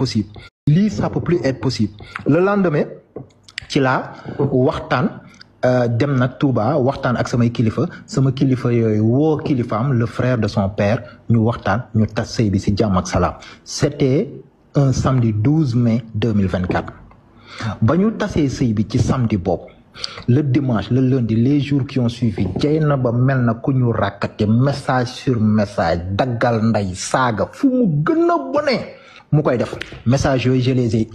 possible lii ça peut plus être possible le lendemain ci laa waxtaan euh, dem nag Touba waxtaan ak samay kilifa sama kilifa yooyu woo kilifaam le frère de son père ñu waxtaan ñu tas sëy bi ci jàmm ak salaam c'était un samedi 12 mai 2024 ba ñu tasee sëy bi ci samedi boobu le dimanche le lundi les jours qui ont suivi ba mel na ku ñu rakkate message sur message daggal ndey saaga fu mu gën a mu koy def message yooyu je les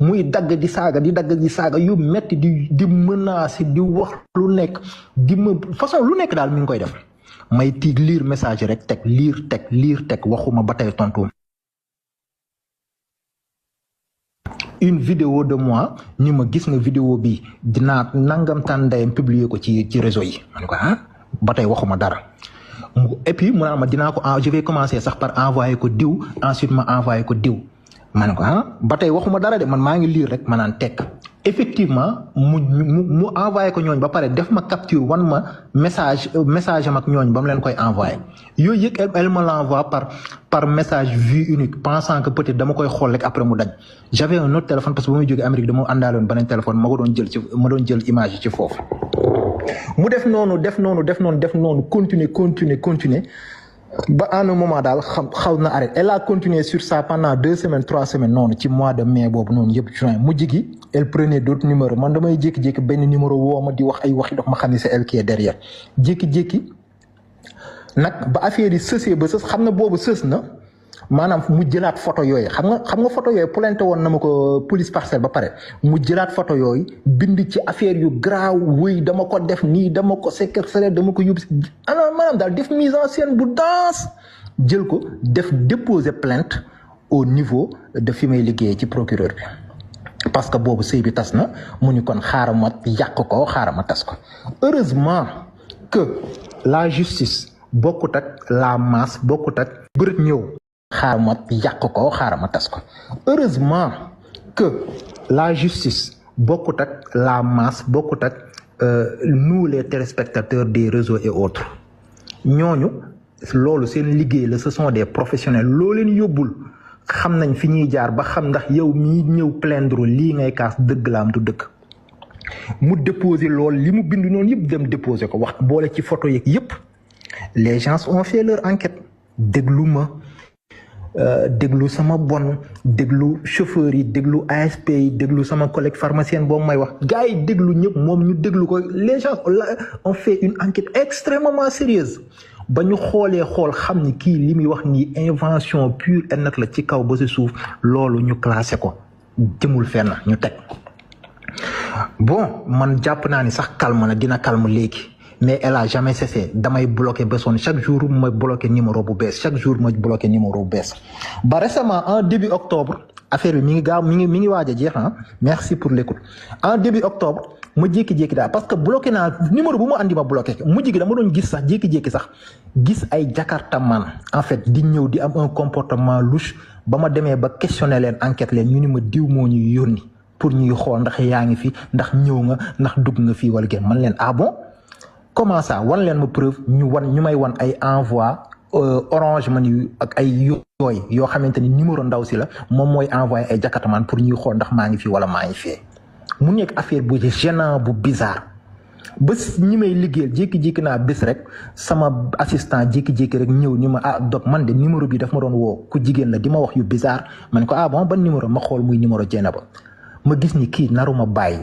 muy dagg di saaga di dagg di saaga yu metti di di menacer di wax lu nekk di ma façon lu nekk daal mu ngi koy def may tiig liir message rek teg liir teg liir teg waxuma ba tey tontu une vidéo de mois ñu ma gis nga vidéo bi dinaa nangam tànn ndeyam publier ko ci ci réseau yi ma ah, ba tey waxuma dara mu et puis mu naan ma dinaa ko je vais commencer sax par envoyer ko diw ensuite ma envoyer ko diw ma ne ko ah ba tey waxuma dara de man maa ngi lire rek ma naan tekk effectivement mu mu mu envoyé ko ñooñ ba pare def ma capture wan ma message euh, message am ak ñooñ ba mu leen koy envoyé yooyu yëg elle me l'envoie par par message vue unique pensant que peut-être dama koy xool rek après mu dañ j'avais un autre téléphone parce que ba muy jógee Amérique dama àndaaloon beneen téléphone ma ko doon jël ci ma doon jël image ci foofu mu def noonu def noonu def noonu def noonu continuer continuer continuer ba à un moment daal xam xaw na arrêté elle continuer continué sur ça pendant deux semaines trois semaines noonu ci mois de mai boobu noonu yëpp juin mujj gi elle prenait d'autres numéros man damay jékki-jékki benn numéro woo ma di wax ay waxi dox ma xam ne c'est elle qui est derrière jékki-jékki nag ba affaire yi sësee ba sës xam na boobu sës na. maanaam mu jëlaat photo yooyu xam nga xam nga photo yooyu plainte woon na ma ko police parcelle ba pare mu jëlaat photo yooyu bind ci affaire yu graaw wuy dama ko def nii dama ko séquestré dama ko yóbbu alors maanaam daal def mise en scène bu danse jël ko def déposer plainte au niveau de fi may liggéeyee ci procureur bi parce que boobu sëy bi tas na mu ñu kon xaaral ma yàq ko xaaral ma tas ko heureusement que la justice bokkut ak la masse bokkut ak bërët ñëw xaaral ma yàq ko xaaral ma tas ko heureusement que la justice bokkut ak la masse bokkut ak euh, nous les téléspectateurs des réseaux et autres ñooñu loolu seen liggéey la ce sont des professionnels loo leen yóbbul xam nañ fi ñuy jaar ba xam ndax yow mii ñëw plaindre lii ngay kaas dëgg la am du dëkk mu déposé lool li mu bind noonu yëpp dem déposé ko wax boole ci photo yeeg yëpp les gens ont fait enquête déglu ma. Euh, déglu sama bon déglu chauffeur yi déglu ASP yi déglu sama collègue pharmacien boobu may wax gars yi déglu ñëpp moom ñu déglu ko les gens on fait une enquête extrêmement sérieuse ba ñu xoolee xool xam ni kii li muy wax nii invention pure et la ci kaw ba si suuf loolu ñu classé ko jëmul fenn ñu teg bon man jàpp naa ni sax calme na dina calme léegi mais elle a jamais cessé damay bloqué personne chaque jour ma bloqué numéro bu bees chaque jour ma bloqué numéro bu bees ba récemment en début octobre affaire bi mi ngi gaa mu ngi mi ngi waaja a jeex ah merci pour l'écoute en début octobre ma jékki-jékki parce que bloqué naa numéro bu ma andi ma bloqué mujj gi dama doon gis sax jékki-jékki sax gis ay jakarta man en fait di ñëw di am un comportement louche ba ma demee ba questionné leen enquête leen ñu ni ma diw moo ñuy yónni pour ñuy xool ndax yaa ngi fi ndax ñëw nga ndax dugg nga fii wala génn man leen ah comment ça wan leen ma preuve ñu wan ñu may wan ay envoi euh, orange yu ak ay yooy yoo xamante ni numéro ndaw si la moom mooy envoyé ay jakatamaan pour ñuy xool ndax maa ngi fi wala maa ngi fee mu nekk affaire bu gênant bu bizarre ba ñi may liggéey jékki-jékki naa bés rek sama assistant jékki-jékki rek ñëw ni ma ah doc man de numéro bi daf ma doon woo ku jigéen la di ma wax yu bizarre man ko ah bon ban numéro ma xool muy numéro Dieynaba ma gis ni kii naruma bàyyi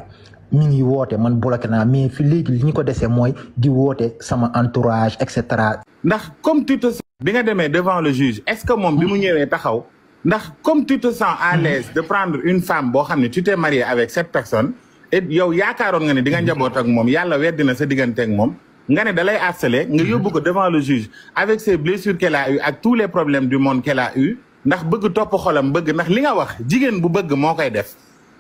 mi ngi woote man bloqué naa mais fi léegi li ñu ko dese mooy di woote sama entourage et cetera. ndax comme tu te bi nga demee devant le juge est-ce que moom bi mu ñëwee taxaw. ndax comme tu te sens à l'aise de prendre une femme boo xam ne tu t'es marié avec cette personne. et yow yaakaaroon nga ne di nga njaboot ak moom yàlla weddi na sa diggante moom. nga ne da lay harcelé nga yóbbu ko devant le juge avec ses blessures qu'elle a eu ak tous les problèmes du monde qu'elle a eu ndax bëgg topp xolam bëgg ndax li nga wax jigéen bu bëgg moo koy def.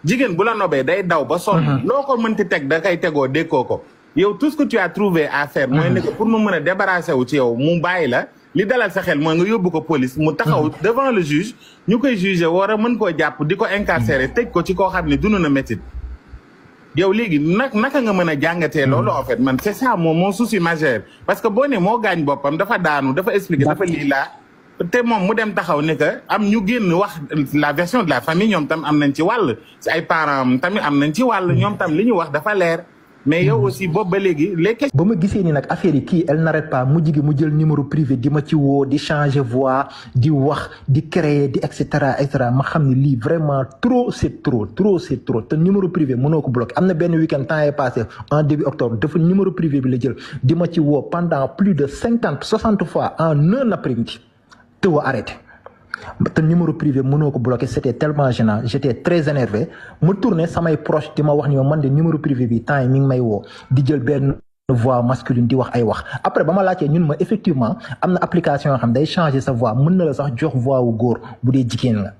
jigéen bu la nobee day daw ba sonn. Mm-hmm. loo ko mënti teg da koy tegoo dékkoo ko. yow tous ce que tu as trouvé à faire. mooy mm-hmm. ne pour mu mën a débarrasser wu ci yow mu bàyyi la. li dalal sa xel mooy nga yóbbu ko police mu taxaw mm-hmm. devant le juge ñu koy jugé war a mën koo jàpp di ko incarter teg ko ci koo xam ne dund na métit yow léegi nag naka nga mën a jàngatee loolu en fait man c'est ça moom mon souci majeur parce que boo ne moo gaañ boppam dafa daanu dafa expliqué dafa lii te moom mu dem taxaw ne que am ñu génn wax la version de la famille ñoom tam am nañ ci wàll ay parents tamit am nañ ci wàll ñoom tam li ñu wax dafa leer mais yow aussi boobu ba léegi les questions. ba ma gisee nii nag affaire yi kii elle n'arrête pas mujj gi mu jël numéro privé di ma ci woo di changer voix di wax di créer di etc cetera et cetera ma xam ne lii vraiment trop c'est trop trop c'est trop te numéro privé mënoo ko bloqué am na benn week-end temps est passé en début octobre dafa numéro privé bi la jël di ma ci woo pendant plus de cinquante soixante fois en un après-midi. tëw a arrêté te numéro privé mënoo ko bloqué c' était tellement gênant j' étais très énervé ma tourné samay proche di ma wax ni man de numéro privé bi temps yi ngi may woo di jël benn voix masculine di wax ay wax après ba ma laajtee ñun ma effectivement am na application yoo xam day changer sa voix mën na la sax jox voix wu góor bu dee jigéen la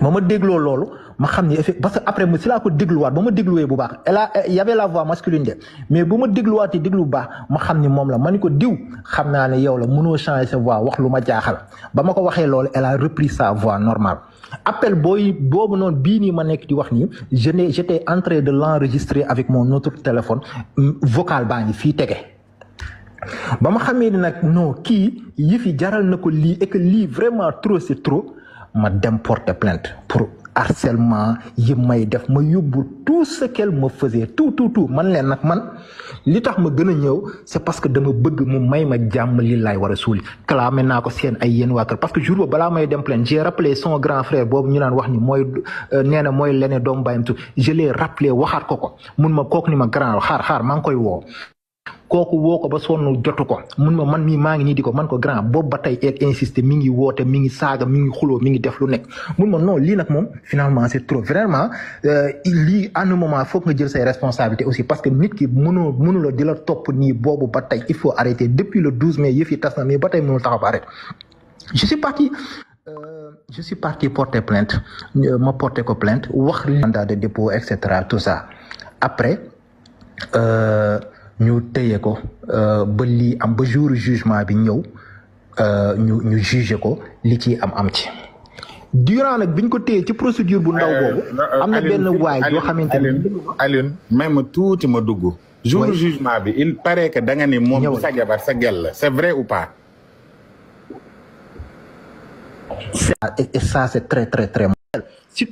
ma ma dégloo loolu ma xam ni parce que après si laa ko dégluwaat ba ma dégluwee bu baax la y avait la voix masculine de mais bu ma dégluwaatee déglu bu baax ma xam ni moom la ma ni ko diw xam naa ne yow la mënoo changer sa voix wax lu ma jaaxal ba ma ko waxee loolu elle a repris sa voix normal appel booy boobu noonu bii nii ma nekk di wax nii je n'ai j'étais en train de l'enregistrer avec mon autre téléphone vocal baa ngi fii tege ba ma xamee ni nag non kii yëf fi jaral na ko lii et lii vraiment trop c'est ma dem porter pour harcèlement yi may def ma yóbbu tout ce ma me faisait tout tout man leen nag man li tax ma gën a ñëw c'est parce que dama bëgg mu may ma jàmm li laay war a suuli clamé naa ko seen ay yéen waa kër parce que jour ba balaa may dem plainte j'ai rappelé son grand frère boobu ñu naan wax ni mooy euh, nee na mooy lene doom bàyyam tu je l'ai rappelé waxaat ko ko mun ma kook ni ma grand xaar xaar maa ngi koy woo kooku woo ko ba sonn jotu ko mun ma man mii maa ngi nii di ko man ko grand boobu ba tey eeg insisté mi ngi woote mi ngi saaga mi ngi xuloo mi ngi def lu nekk mun ma non lii nag moom finalement c'est trop vraiment euh, lii à un moment foog nga jël say responsabilité aussi parce que nit ki mënoo mënuloo di la topp nii boobu ba tey il faut arrêter depuis le 12 mai yëf yi tas na mais ba tey mënul taxaw ba arrêté je suis parti euh, je suis parti porter plainte euh, ma porté ko plainte wax mandat de dépôt et cetera tout ça après. ñu téye ko euh, ba lii am ba jour jugement bi ñëw euh, ñu ñu jugé ko li ci am am ci. durant nag biñ ko téye ci procédure bu ndaw euh, boobu. am na benn xamante ne Alioune may ma tuuti ma dugg. jour jugement bi il paraît que da nga ni moom sa jabar sa ou pas. et ça c'est très très très. si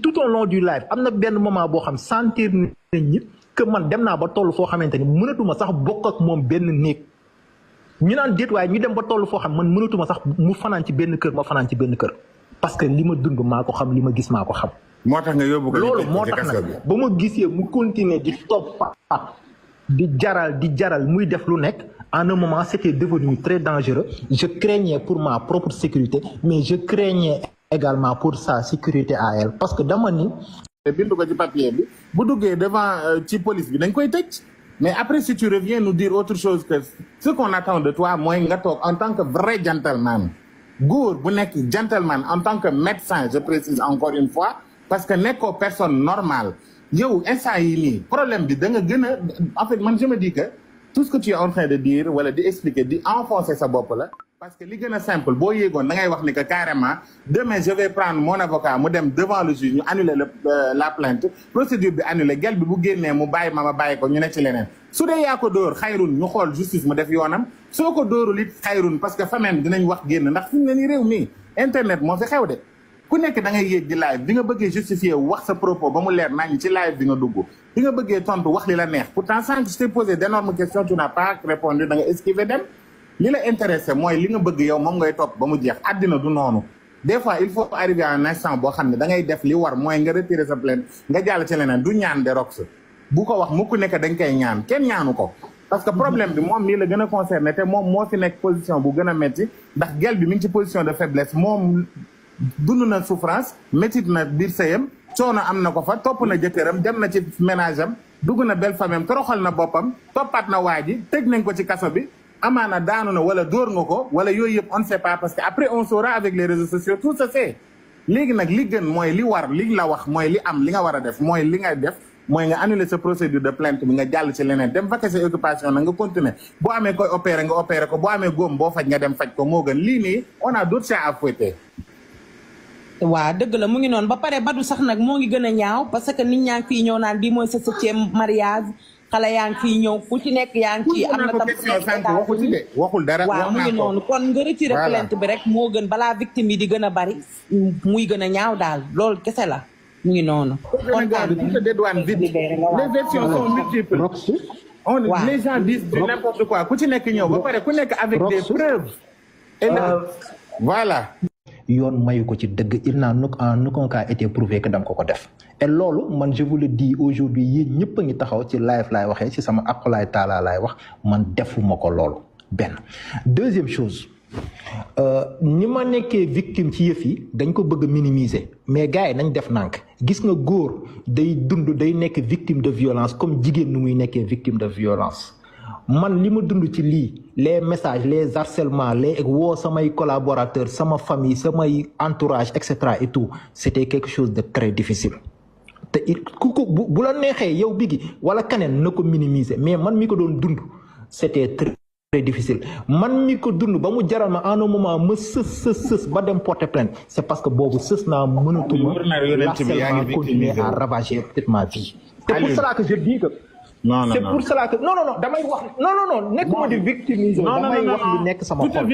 moment boo xam sentir nañ ñi. que man dem naa ba toll foo xamante ni mënatuma sax bokk ak moom benn néeg ñu naan déet waaye ñu dem ba toll foo xam man mënatuma sax mu fanaan ci benn kër ma fanaan ci benn kër parce que li ma dund maa ko xam li ma gis maa ko xam. moo tax nga yóbbu ko loolu moo tax nag ba ma gisee mu continuer di toppaat di jaral di jaral muy def lu nekk en un moment c'était devenu très dangereux je craignais pour ma propre sécurité mais je craignais également pour sa sécurité à elle parce que dama ni bind ko ci papier bi bu duggee devant euh, ci police bi dañ koy tëj mais après si tu reviens nous dire autre chose que ce qu'on attend toi mooy nga toog en tant que vrai gentleman góor bu nekk gentleman en tant que médecin je précise encore une fois parce que nekkoo personne normal yow instant yi nii problème bi da nga gën a en man je me dis que tout ce que tu en train de dire wala di expliquer di enfoncer sa bopp la parce que li gën a simple boo yéegoon da ngay wax ni que carrément demain je vais prendre mon avocat mu dem devant le juge ñu annuler la plainte procédure bi annulé gel bi bu génnee mu bàyyi ma ma bàyyi ko ñu ne ci leneen su dee yaa ko dóor xayrun ñu xool justice mu def yoonam soo ko dóorul it xayrun parce que famem dinañ wax génn ndax fi mu ne nii réew mii internet moo fi xew de ku nekk da ngay yéeg di live bi nga bëggee justifier wax sa propos ba mu leer nañ ci live dugg nga bëggee tontu wax li la neex pourtant li la intéressé mooy li nga bëgg yow moom ngay topp ba mu jeex àddina du noonu des fois il faut arriver à un boo xam ne dangay def li war mooy nga retirer sa plainte nga jàll ci leneen du ñaan de rox bu ko wax mukk nekk dañ koy ñaan kenn ñaanu ko parce que problème bi moom nii la gën a concerné te moom moo fi nekk position bu gën a métti ndax gel bi mi ngi ci position de faiblesse moom dund na souffrance métit na biir sëyam coono am na ko fa topp na jëkkëram dem na ci ménage am dugg na belle famille am toroxal na boppam toppaat na waa ji tëj nañ ko ci kaso bi amaana daanu na wala dóor nga ko wala yooyu yëpp on ne parce que après on saura avec les réseaux sociaux tout ça c'est léegi nag li gën mooy li war li la wax mooy li am li nga war def mooy li nga def mooy nga annuler sa procédure de plainte bi nga jàll ci leneen dem vaquer sa occupation na nga continuer boo amee koy opérer nga opérer ko boo amee góom boo faj nga dem faj ko moo gën lii nii on a d'autres chats à waaw dëgg la mu ngi noonu ba pare Badou sax nag moo ngi gën a ñaaw parce que nit ñaa ngi fii ñëw mooy sa septième mariage xale yaa ngi fiy ñëw ku ci nekk yaa ngi am na tam waxul dara waaw mu ngi noonu kon nga retiré plainte bi rek moo gën balaa victime yi di gën a bari muy gën a ñaaw daal loolu kese la mu ngi noonu kontaan les versions ku ci nekk ñëw ba pare ku nekk avec des preuves euh, yoon mayu ko ci dëgg il n'a en aucun cas été prouvé que dam ko ko def et loolu man je di le dis aujourd'hui yéen ñëpp a ngi taxaw ci live lay waxee ci sama aqulaay taalaa laay wax man defuma ko loolu benn deuxième chose euh, ni ma nekkee victime ci yëf yi dañ ko bëgg a mais gars yi nañ def nànk gis nga góor day dund day nekk victime de violence comme jigéen nu muy nekkee victime de violence man li ma dund ci lii les message les harcèlements les woo samay collaborateurs sama famille samay entourage etc et tout c'était quelque chose de très difficile te il ku ko bu bu la neexee yow bigi wala keneen na ko minimiser mais man mi ko doon dund c'était très difficile man mi ko dund ba mu jaral ma en un moment ma sës sës sës ba dem porter plainte c'est parce que boobu sës naa mënatuma harcèlement continuer à ravager toute ma vie c'est pour cela que je dis non non c'est pour cela que non non non damay wax non non non nekkuma di victimiser. non non non damay wax li nekk sama xol.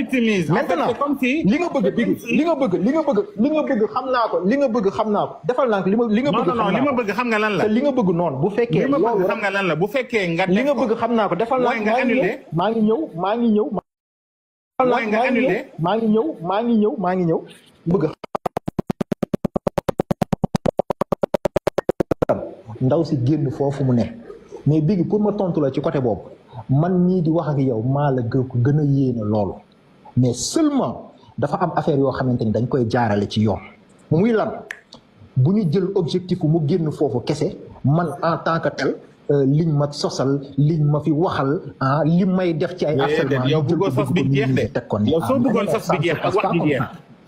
maintenant li nga bëgg bi li nga bëgg li nga bëgg li nga bëgg xam naa ko li nga bëgg xam naa ko defal naa ko li li nga bëgg. xam naa ko bëgg xam nga la. li nga bëgg noonu bu fekkee. loolu la bu fekkee nga. li nga bëgg xam naa ko defal naa ko maa ngi ñëw maa ngi ñëw maa ngi ñëw maa ngi ñëw maa ngi ñëw bëgg si génn foofu mu ne mais bigi pour ma tontu la ci côté boobu man ñii di wax ak yow maa la gën ko gën a yéene loolu mais seulement dafa am affaire yoo xamante ni dañ koy jaarale ci yoon muy lan bu ñu jël objectif mu génn foofu kese man en tant que tel euh, liñ ma sosal liñ ma fi waxal ah, li may def ci ay harcèlement yow bëggoon sos de yow soo ah, bëggoon sos bi jeex ak wax bi jeex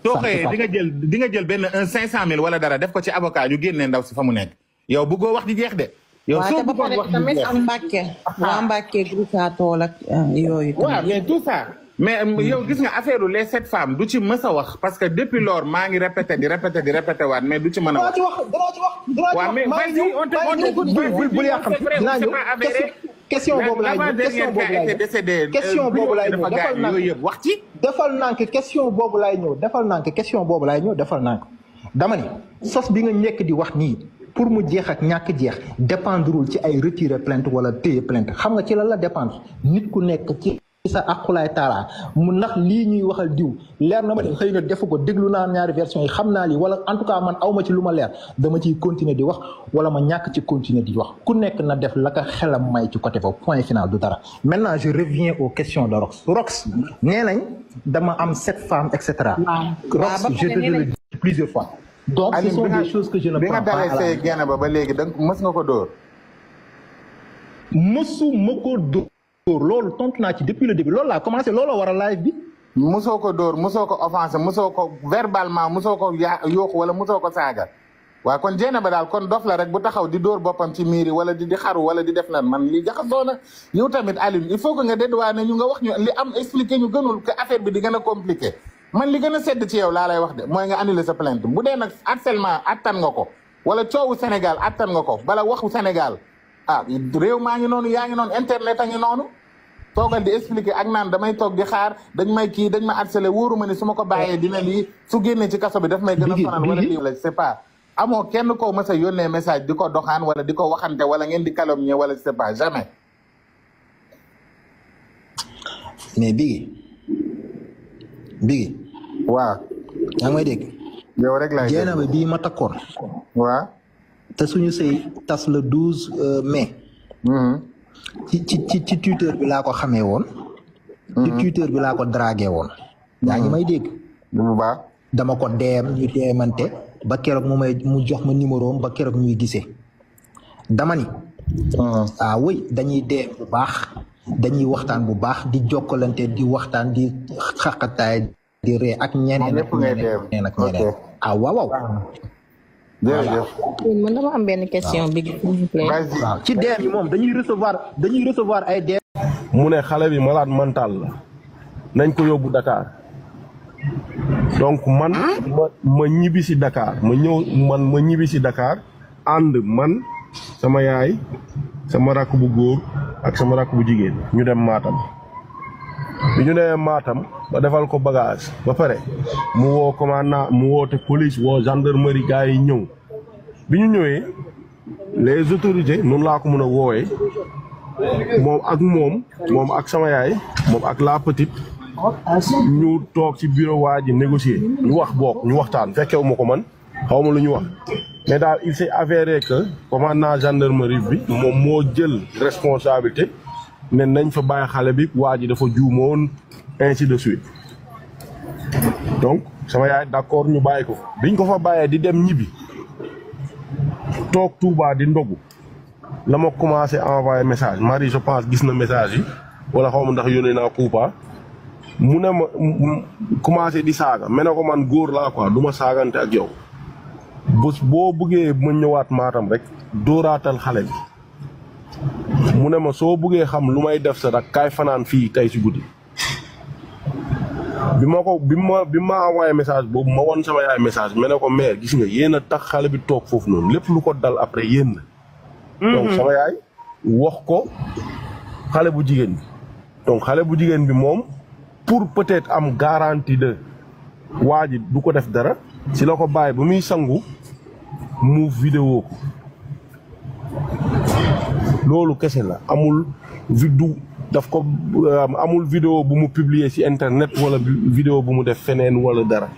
soo xëyee di nga jël di nga jël benn un cinq cent mille wala dara def ko ci avocat ñu génnee ndaw si fa mu nekk yow bëggoo wax di jeex de yow soo ko bëggoon wax tamit am Mbàkke waa Mbàkke Goussa tool ak euh, yooyu. waaw mais tout ça. mais yow gis nga affaire les sept femmes du ci mës a wax parce que depuis lors maa ngi répété di répété di répété waat mais du ci mën a wax. dara ci wax dara ci wax dara ci wax question boobu laay ñëw question boobu laay ñëw question boobu laay ñëw defal nànk wax ci. defal nànk question boobu laay ñëw defal nànk question boobu laay ñëw defal nànk dama ni sos bi nga nekk di wax nii pour mu jeex ak ñàkk jeex dépendrul ci ay retirer plainte wala téye plainte xam nga ci lan la dépendre nit ku nekk ci sa aqulaay taala mu ndax lii ñuy waxal diw leer na ma ne xëy na defu ko déglu naa ñaari version yi xam naa lii wala en tout cas man awma ci lu ma leer dama ciy continuer di wax wala ma ñàkk ci continuer di wax ku nekk na def la ko xelam may ci côté boobu point final du dara maintenant je reviens aux questions de Rox Rox nee nañ dama am sept femmes et cetera Rox je fois donc ce sont des bi nga dalee say gaine ba ba léegi donc mës nga ko dóor. mësu ko dóor loolu tontu naa ci depuis le début loolu laa commencé looloo war a live bi. mësoo ko dóor mësoo ko offensé mësoo ko verbalement mësoo ko ya yóoxu wala mësoo ko saaga. waaw kon jéena ba daal kon dof la rek bu taxaw di dóor boppam ci miir yi wala di di xaru wala di def lan man li jaxasoo na yow tamit Alioune il faut que nga na ñu nga wax ñu li am expliqué ñu gënul que affaire bi di gën a compliqué. man li gën a sedd ci yow laa lay wax de mooy nga annulé sa plainte bu dee nag harcèlement attan nga ko wala coowu Sénégal attan nga ko bala waxu Sénégal ah réew maa ngi noonu yaa ngi noonu internet a ngi noonu toogal di expliquer ak naan damay toog di xaar dañ may kii dañ ma harcelé wóoru ma ni su ma ko baaxee dina lii su génnee ci kaso bi daf may gën a sonal wala lii wala c'est amoo kenn koo mës a yónnee message di ko doxaan wala di ko waxante wala ngeen di calomnier wala c'est pas jamais mais waaw. yaa may dégg. yow rek laay bii ma takkoon. waaw. te suñu sëy tas le douze euh, mai. Mm-hmm. ci ci ci ci Twitter bi laa ko xamee woon. ci mm-hmm. Twitter bi laa ko dragué woon. yaa ngi mm-hmm. may dégg. bu baax. dama ko deem ñu deemante ba keroog mu may mu jox ma numéro am ba keroog ñuy gisee. dama ni. ah oui dañuy deem bu baax. dañuy waxtaan bu baax di jokkalante di waxtaan di xaqataay. di ak ñeneen ak ñeneen ak mu ne xale bi malade mental la nañ ko yóbbu Dakar donc man ma ma ñibbi ma ñëw man ma ñibbi si Dakar ànd man sama yaay sama rakk bu góor ak sama rakk bu jigéen ñu dem Matam bi ñu nee maatam ba defal ko bagage ba pare mu woo commandant mu woote police woo gendarmerie gars yi ñëw bi ñu ñëwee les autorités noonu laa ko mën a woowee moom ak moom moom ak samayaay moom ak la petite ñu toog si bureau waa ji négocier ñu wax bokk ñu waxtaan fekkewu ma ko man xaw ma lu ñu wax mais daal il s'est avéré que commandant gendarmerie bi moom moo jël responsabilité ne nañ fa bàyyi xale bi waa ji dafa juumoon ainsi de suite donc sama yaay d'accord ñu bàyyi ko biñ ko fa bàyyee di dem ñibbi toog Touba di ndogu la ma commencé envoyé message mari je pense gis na message yi wala xaw ma ndax yónnee naa Koupa mu ne ma commencé di saaga mene ko man góor laa quoi du ma saagante ak yow bés boo buggee ma ñëwaat maatam rek dóoraatal xale bi mu ne ma soo buggee xam lu may def sa rak kaay fanaan fii tey si guddi bi ma ko bi ma bi ma envoyé message boobu ma won sama yaay message ma ko mère gis nga yéen a tax xale bi toog foofu noonu lépp lu ko dal après yéen la mm-hmm. donc sama yaay wax ko xale bu jigéen bi donc xale bu jigéen bi moom pour peut-être am garantie de waa ji du ko def dara si la ko bàyyi ba muy sangu mu vidéo ko loolu kese la amul viddu daf ko euh, amul vidéo bu mu publier si internet wala vidéo bu mu def feneen wala dara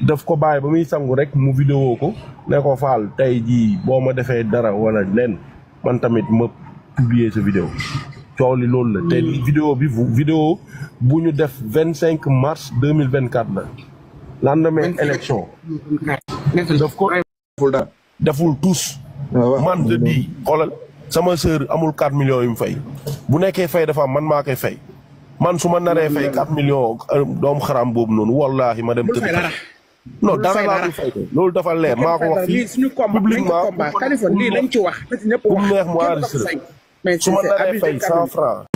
daf ko bàyyi ba muy sangu rek mu video ko ne ko faal tey jii boo ma defee dara wala len man tamit ma publier sa vidéo coow li loolu la te hmm. vidéo bi vidéo bu ñu def vingt cinq mars deux mille vingt quatre la lendemain élection daf ko deful tous ah, man je sama sœur amul 4 millions yu mu fay bu nekkee fay dafa am man maa koy fay man su ma naree fay 4 millions euh, doom xaram boobu noonu wallaahi ma dem tëdd. non dara laa dafa leer maa ko wax fii publiquement lii lañ ci wax. ñëpp wax ñëpp wax mais su ma naree fay 100 francs